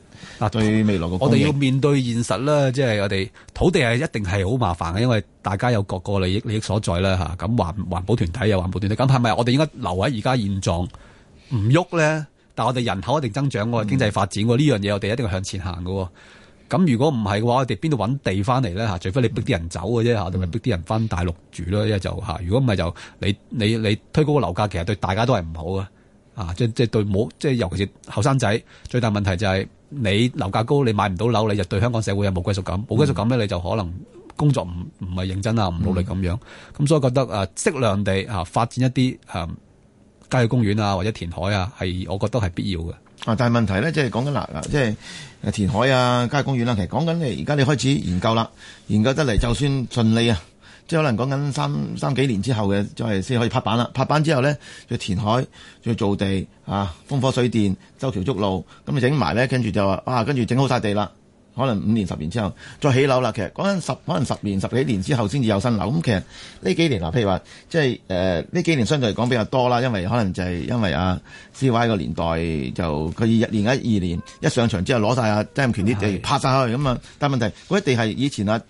S2: 實，對未來個、啊、我哋要面對現實啦，即係我哋土地係一定係好麻煩嘅，因為大家有各個利益利益
S3: 所在啦咁、啊、環、環保團體又環保團體，咁係咪我哋應該留喺而家現狀唔喐咧？但我哋人口一定增長喎，經濟發展喎，呢、嗯、樣嘢我哋一定係向前行嘅喎。咁如果唔係嘅話，我哋邊度搵地翻嚟咧吓？除非你逼啲人走嘅啫吓，定係逼啲人翻大陸住咯。一、嗯、就吓，如果唔係就你你你推高個樓價，其實對大家都係唔好嘅。啊，即即對冇，即尤其是後生仔最大問題就係你樓價高，你買唔到樓，你就對香港社會有冇歸屬感。冇歸屬感咧，你就可能工作唔唔係認真、嗯、啊，唔努力咁樣。咁所以我覺得啊，適量地發發展一啲吓郊野公園啊，或者填海啊，
S2: 係我覺得係必要嘅。啊！但係問題咧，即係講緊嗱嗱，即係填海啊、郊野公園啦。其實講緊你而家你開始研究啦，研究得嚟就算順利啊，即係可能講緊三三幾年之後嘅，就係先可以拍板啦。拍板之後咧，就填海，就造地啊，風火水電、修橋築路，咁你整埋咧，跟住就話啊，跟住整好晒地啦。可能五年十年之後再起樓啦，其實講緊十可能十年十幾年之後先至有新樓。咁其實呢幾年嗱，譬如話即係誒呢幾年相對嚟講比較多啦，因為可能就係因為啊 C Y 個年代就佢一年一二年一,一,一上場之後攞晒啊曾權啲地拍晒去咁啊，但問問題嗰啲地係以前啊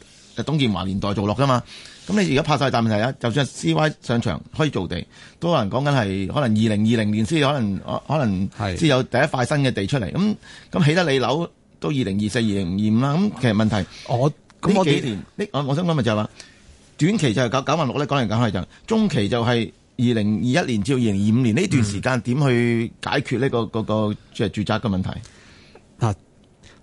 S2: 董建華年代做落噶嘛，咁你而家拍晒，但係問題啊，就算 C Y 上場可以做地，都有人講緊係可能二零二零年先可能、啊、可能係先有第一塊新嘅地出嚟，咁咁起得你樓。都二零二四、二零二五啦，咁其實問題，我呢幾年呢，我我想講嘅就係話，短期就係九九萬六咧，講嚟講去就是、中期就係二零二一年至到二零二五年呢段時間點、嗯、去解決呢、個、個即係、個、住宅嘅問題啊！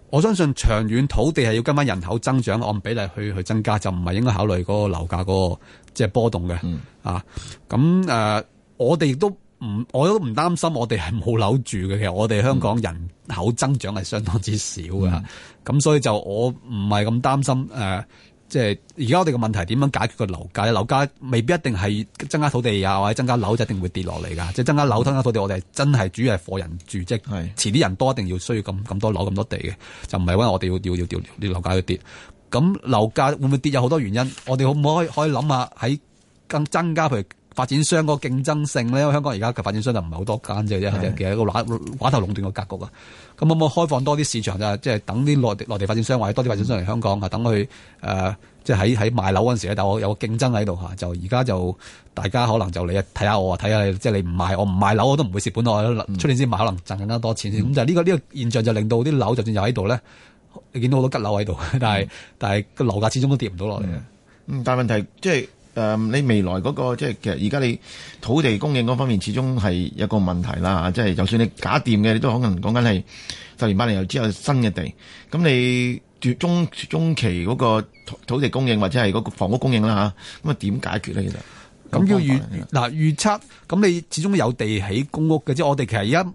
S2: 我相信長遠
S3: 土地係要跟返人口增長按比例去去增加，就唔係應該考慮嗰個樓價嗰、個即係、就是、波動嘅、嗯、啊。咁誒、呃，我哋亦都。唔，我都唔擔心，我哋係冇樓住嘅。其實我哋香港人口增長係相當之少㗎，咁、嗯、所以就我唔係咁擔心。誒、呃，即係而家我哋嘅問題點樣解決個樓價？樓價未必一定係增加土地啊，或者增加樓就一定會跌落嚟㗎。即係增加樓、增加土地，我哋真係主要係貨人住職。係，即遲啲人多，一定要需要咁咁多樓、咁多地嘅，就唔係因為我哋要要要啲樓價要跌。咁樓價會唔會跌有好多原因，我哋可唔可以可以諗下喺更增加譬如？發展商嗰個競爭性咧，因為香港而家嘅發展商就唔係好多間啫，即係其實一個寡寡頭壟斷個格局啊。咁可唔可以開放多啲市場啊？即、就、係、是、等啲內內地發展商，或者多啲發展商嚟香港啊、嗯，等佢誒，即係喺喺賣樓嗰陣時咧，但我有個競爭喺度吓，就而家就大家可能就嚟睇下我啊，睇下你，即、就、係、是、你唔賣我唔賣樓，我都唔會蝕本，我本來出年先賣，可能賺更加多錢。咁就呢個呢、這個現象就令到啲樓就算有喺度咧，你見到好多吉
S2: 樓喺度，但係、嗯、但係個樓價始終都跌唔到落嚟嘅。但、嗯、係問題即係。就是誒、嗯，你未來嗰、那個即係其實而家你土地供應嗰方面始終係一個問題啦，即係就算你假掂嘅，你都可能講緊係十年八年又之後新嘅地，咁你中中期嗰個土地供應或者係嗰個房屋供應啦吓，咁啊點解決呢？其實咁要預嗱預測，咁你始終有地起公屋嘅，即係我哋其實而
S3: 家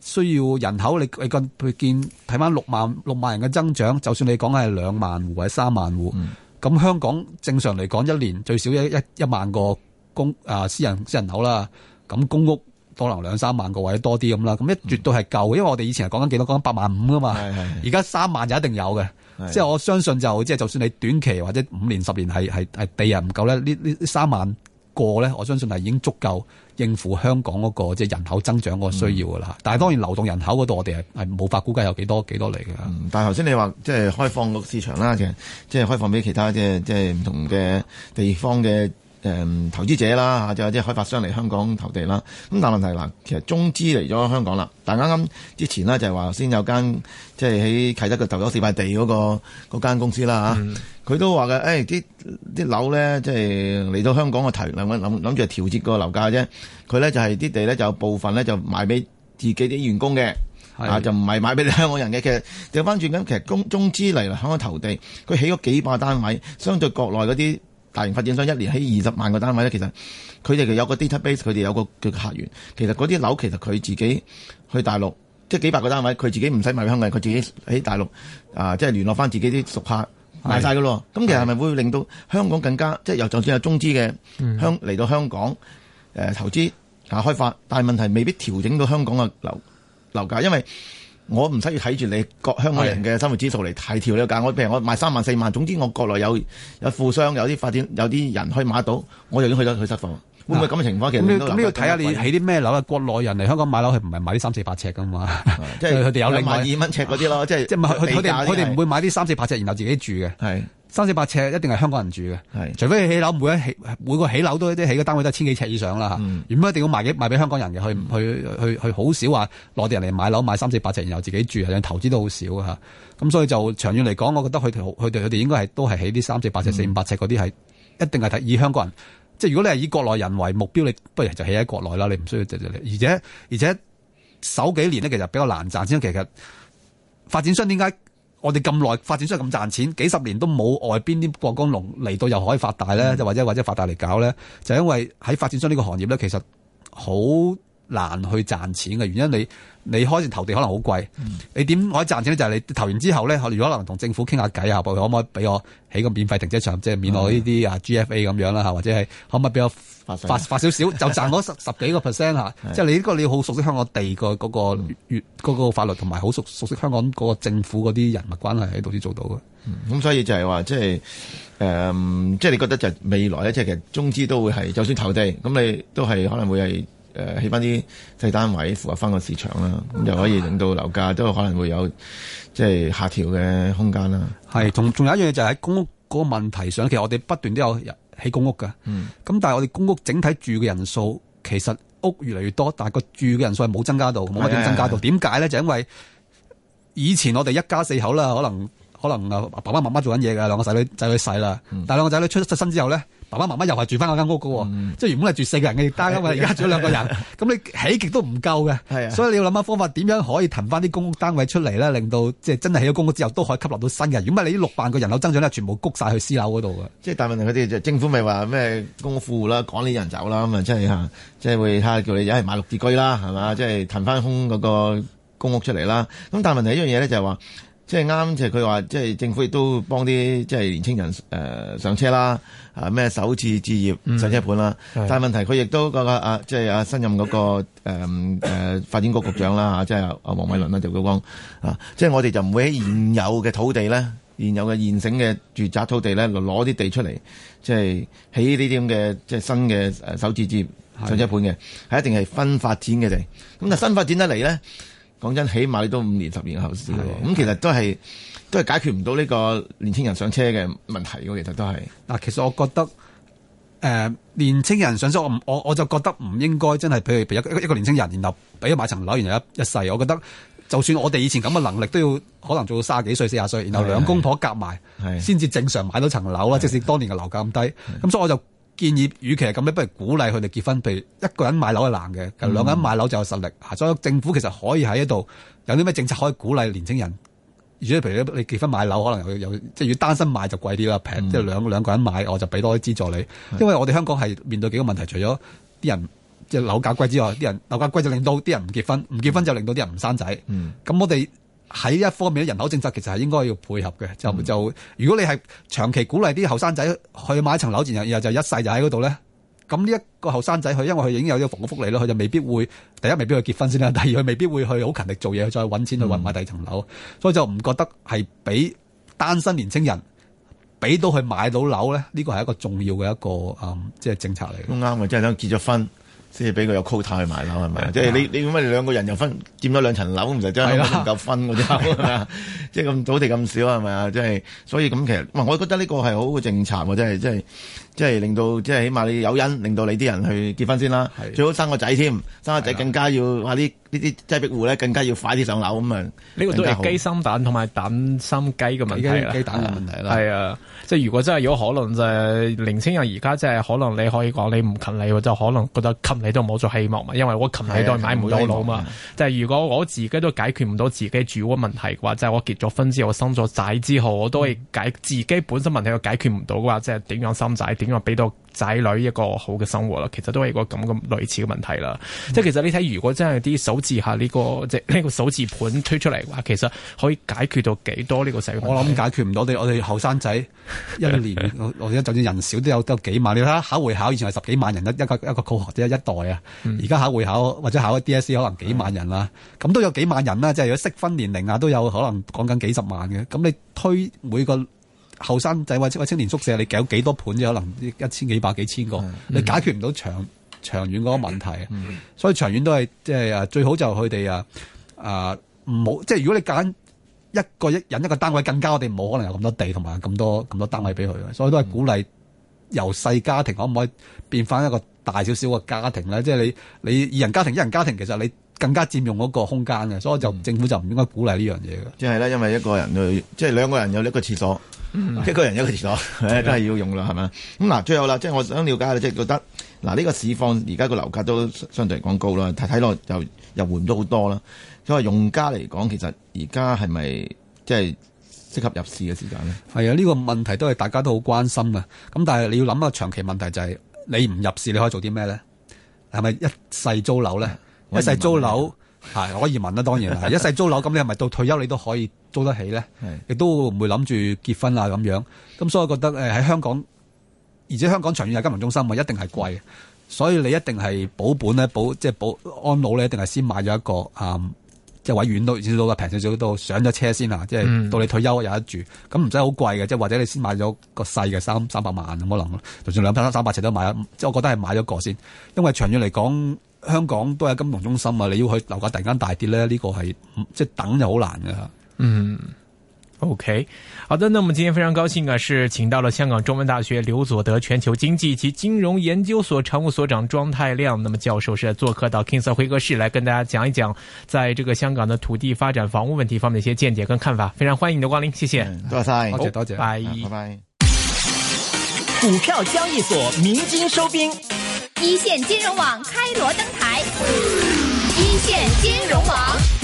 S3: 需要人口，你你個見睇返六萬六萬人嘅增長，就算你講係兩萬戶或者三萬戶。嗯咁香港正常嚟講，一年最少一一一萬個公啊私人私人樓啦，咁公屋可能兩三萬個或者多啲咁啦，咁一絕對係夠嘅，因為我哋以前係講緊幾多講緊八萬五啊嘛，而家三萬就一定有嘅，即係我相信就即係就算你短期或者五年十年係係係地人唔夠咧，呢呢三萬個咧，我相信係已經足夠。應付香港嗰個即係人口增長個需要
S2: 㗎啦、嗯，但係當然流動人口嗰度我哋係係冇法估計有幾多幾多嚟嘅、嗯。但係頭先你話即係開放個市場啦，其實即係開放俾其他即係即係唔同嘅地方嘅誒、嗯、投資者啦，嚇，仲有即係開發商嚟香港投地啦。咁但係問題啦，其實中資嚟咗香港啦，但係啱啱之前呢，就係話先有間即係喺啟德嘅投咗四塊地嗰個嗰間公司啦嚇。嗯。佢都話嘅，誒啲啲樓咧，即係嚟到香港嘅提，諗諗諗住調節個樓價啫。佢咧就係啲地咧，就是、呢有部分咧就賣俾自己啲員工嘅，啊就唔係賣俾香港人嘅。其實掉翻轉咁其實中資嚟香港投地，佢起咗幾百單位，相對國內嗰啲大型發展商一年起二十萬個單位咧。其實佢哋有個 database，佢哋有個嘅客源。其實嗰啲樓其實佢自己去大陸，即係幾百個單位，佢自己唔使賣俾香港人，佢自己喺大陸啊，即、就、係、是、聯絡翻自己啲熟客。賣晒噶咯，咁其實係咪會令到香港更加即係？又就算有中資嘅香嚟到香港誒、呃、投資吓開發，但係問題未必調整到香港嘅樓樓價，因為我唔需要睇住你各香港人嘅生活指數嚟提調呢個價。我譬如我賣三萬四萬，總之我國內有有富商，有啲發展，有啲人可以買得到，我就已經去咗去失放。會
S3: 唔會咁嘅情況？其實咁要睇下你起啲咩樓啊？國內
S2: 人嚟香港買樓，佢唔
S3: 係買啲三四百尺㗎嘛？即係佢哋有
S2: 零萬二蚊尺嗰啲咯。即係即佢哋，唔會
S3: 買啲三四百尺，然後自己住嘅。三四百尺一定係香港人住嘅。除非你起樓每一每個起樓都啲起嘅單位都千幾尺以上啦。嚇，唔好一定要賣幾賣俾香港人嘅。去去去好少話內地人嚟買樓買三四百尺，然後自己住，甚至投資都好少嚇。咁所以就長遠嚟講，我覺得佢哋佢哋佢哋應該係都係起啲三四百尺、四五百尺嗰啲係一定係睇以香港人，即係如果你係以國內人為目標，你不如就起喺國內啦，你唔需要直接嚟。而且而且首幾年呢，其實比較難賺，因為其實發展商點解我哋咁耐發展商咁賺錢，幾十年都冇外邊啲國光龍嚟到又可以發大咧，嗯、或者或者發大嚟搞咧，就係、因為喺發展商呢個行業咧，其實好。難去賺錢嘅原因你，你你開始投地可能好貴，嗯，你點可以賺錢呢？就係、是、你投完之後呢，可能可能同政府傾下偈，啊，可唔可以俾我起個免費停車場，即、嗯、係免我呢啲啊 G F A 咁樣啦吓，或者係可唔可以俾我發發，發少少， 就賺咗十十幾個 percent 吓。即係、就是、你呢個你要好熟悉香港地、那個嗰個、嗯那個法律，同埋好熟熟悉香港個政府嗰啲人物關係喺度先做
S2: 到嘅。咁、嗯、所以就係話即係誒，即係、嗯、你覺得就未來呢，即係其實中資都會係，就算投地咁，你都係可能會係。誒起翻啲細單位符合翻個市場啦，咁、嗯、又可以令到樓價都可能會有即係、就是、下調嘅空間啦。係，同仲有一樣嘢就係、是、喺公屋嗰個問題上，其實我哋不斷都有起公屋㗎。
S3: 咁、嗯、但係我哋公屋整體住嘅人數其實屋越嚟越多，但係個住嘅人數係冇增加到，冇乜點增加到。點解咧？就因為以前我哋一家四口啦，可能可能啊爸爸媽媽做緊嘢㗎，兩個仔女仔女細啦、嗯。但係兩個仔女出咗身之後咧。爸爸媽媽又係住翻嗰間屋噶喎，即、嗯、係原本係住四個人嘅單位，而家住咗兩個人，咁 你起極都唔夠嘅， 所以你要諗下方法，點樣可以騰翻啲公屋單位出嚟咧，令到即係真係起咗公屋之後都可以吸納到新人。
S2: 如果唔係，你六萬個人口增長咧，全部谷晒去私樓嗰度嘅。即係大問題嗰啲政府咪話咩公屋富戶啦，趕你人走啦咁啊，即係嚇，即係會嚇叫你有人買綠置居啦，係嘛，即係騰翻空嗰個公屋出嚟啦。咁但係問題一樣嘢咧，就係話。即係啱，即係佢話，即係政府亦都幫啲即係年青人誒、呃、上車啦，啊咩首次置，置業、嗯、上車盤啦。但係問題佢亦都個阿即係新任嗰、那個誒發、嗯啊、發展局局長啦嚇，即係阿黃偉綸啦，就佢講、嗯、啊，即、就、係、是、我哋就唔會喺現有嘅土地咧，現有嘅現成嘅住宅土地咧，攞啲地出嚟，即係起呢啲咁嘅即係新嘅首次置，置業上車盤嘅，係一定係新發展嘅地。咁但新發展得嚟咧？講真，起碼都五年、十年後先咁，其實都係都係解決唔到呢個年輕人上車嘅問題嘅。其實都係嗱，其實我覺得誒、
S3: 呃，年輕人上車，我我我就覺得唔應該真係，譬如一個一個年輕人，然後俾佢買層樓，然後一一世，我覺得就算我哋以前咁嘅能力，都要可能做到卅幾歲、四十歲，然後兩公婆夾埋，先至正常買到層樓啦。即使當年嘅樓價咁低，咁所以我就。建議，與其係咁咧，你不如鼓勵佢哋結婚。譬如一個人買樓係難嘅，兩個人買樓就有實力。嗯、所以政府其實可以喺呢度有啲咩政策可以鼓勵年青人。如果譬如你結婚買樓，可能有有即係如果單身買就貴啲啦，平，嗯。即係兩兩個人買，我就俾多啲資助你。因為我哋香港係面對幾個問題，除咗啲人即係、就是、樓價貴之外，啲人樓價貴就令到啲人唔結婚，唔結婚就令到啲人唔生仔。咁、嗯、我哋。喺一方面咧，人口政策其實係應該要配合嘅。就就如果你係長期鼓勵啲後生仔去買一層樓，然後然後就一世就喺嗰度咧，咁呢一個後生仔佢因為佢已經有咗房屋福利咯，佢就未必會第一未必去結婚先啦，第二佢未必會去好勤力做嘢去再搵錢去買第二層樓，嗯、所以就唔覺得係俾單身年青人俾到佢買到樓咧，呢個係一個重要嘅一個誒，即、嗯、係、就是、
S2: 政策嚟嘅。啱嘅，即係想結咗婚。即係俾個有 quota 去買樓係咪？即係、啊、你你咁咪兩個人又分佔咗兩層樓，唔就真係都唔夠分嗰啲樓係即係咁土地咁少係咪啊？即係、 即係、所以咁其實，我覺得呢個係好正常喎，真係真係。即係即係令到，即係起碼你有因，令到你啲人去結婚先啦。最好生個仔添，生個仔更加要啊！啲呢啲即係擠迫戶咧，更加要快啲上樓咁啊！呢、呢個都係雞生蛋同埋蛋生雞嘅問題雞雞蛋嘅問題
S1: 啦。係啊，即係、嗯、如果真係有可能就係、是嗯、年輕人而家即係可能你可以講你唔勤力，就可能覺得勤力都冇咗希望嘛。因為我勤力都買唔到樓嘛。嘛嗯、就係、是、如果我自己都解決唔到自己住屋問題嘅話，就係、是、我結咗婚之後，我生咗仔之後，我都係解自己本身問題解決唔到嘅話，即係點樣生仔？因為俾到仔女一個好嘅生活啦，其實都係一個咁咁類似嘅問題啦。即、嗯、係其實你睇，如果真係啲數字下呢、這個即係呢個數字盤推出嚟嘅話，其實可以解決到幾多呢個社會？我諗解
S3: 決唔到。我哋我後生仔一年我我，就 算人少都有都有幾萬。你睇下考會考以前係十幾萬人一一個一個考核一代啊。而、嗯、家考會考或者考 DSE 可能幾萬人啦，咁都有幾萬人啦。即係如果適婚年齡啊，都有可能講緊幾十萬嘅。咁你推每個？後生仔或者青年宿舍，你搞幾多盤啫？可能一千幾百幾千個，你解決唔到長長遠嗰個問題啊。所以長遠都係即係啊，最好就佢哋啊啊唔好即係。呃就是、如果你揀一個一人一個單位，更加我哋唔好可能有咁多地同埋咁多咁多單位俾佢。所以都係鼓勵由細家庭可唔可以變翻一個大少少嘅家庭咧？即係你你二人家庭、一人家庭，其實你。更加佔用
S2: 嗰個空間嘅，所以就政府就唔應該鼓勵呢樣嘢嘅。即係咧，因為一個人去，即係兩個人有一個廁所、嗯，一個人有一個廁所， 真係要用啦，係咪？咁嗱，最後啦，即係我想了解下，即係覺得嗱，呢、呢個市況而家個樓價都相對嚟講高啦，睇睇落又又換咗好多啦。所以用家嚟講，其實而家係咪即係適合入市嘅
S3: 時間呢？係啊，呢、呢個問題都係大家都好關心啊。咁但係你要諗個長期問題就係、係、你唔入市，你可以做啲咩咧？係咪一世租樓咧？啊、一世租樓，係可以問啦、啊，當然啦。 一世租樓，咁你係咪到退休你都可以租得起咧？亦都唔會諗住結婚啊咁樣。咁所以我覺得，誒喺香港，而且香港長遠係金融中心啊，一定係貴，所以你一定係保本咧，保即係、就是、保安老咧，一定係先買咗一個，即係委遠都，少少到平少少都上咗車先啊，即、就、係、是、到你退休有得住，咁唔使好貴嘅，即係或者你先買咗個細嘅三三百萬可能，就算兩百三三百尺都買，即係我覺得係買咗個先，因為長遠嚟講。香港都係金融中心啊！你要去樓價突然間
S1: 大跌呢，呢、呢個係即係等就好難噶。嗯，OK，好，的。那我們今天非常高興啊，是請到了香港中文大學劉佐德全球經濟及金融研究所常務所長莊太量，那麼教授是做客到 King Sir 會客室，來跟大家講一講，在這個香港的土地發展房屋問題方面的一些見解跟看法。非常歡迎你的光臨，謝謝。多謝，多謝，哦、多謝，拜拜。股票交易所明金收兵。一線金融網開鑼登台，一線金融網。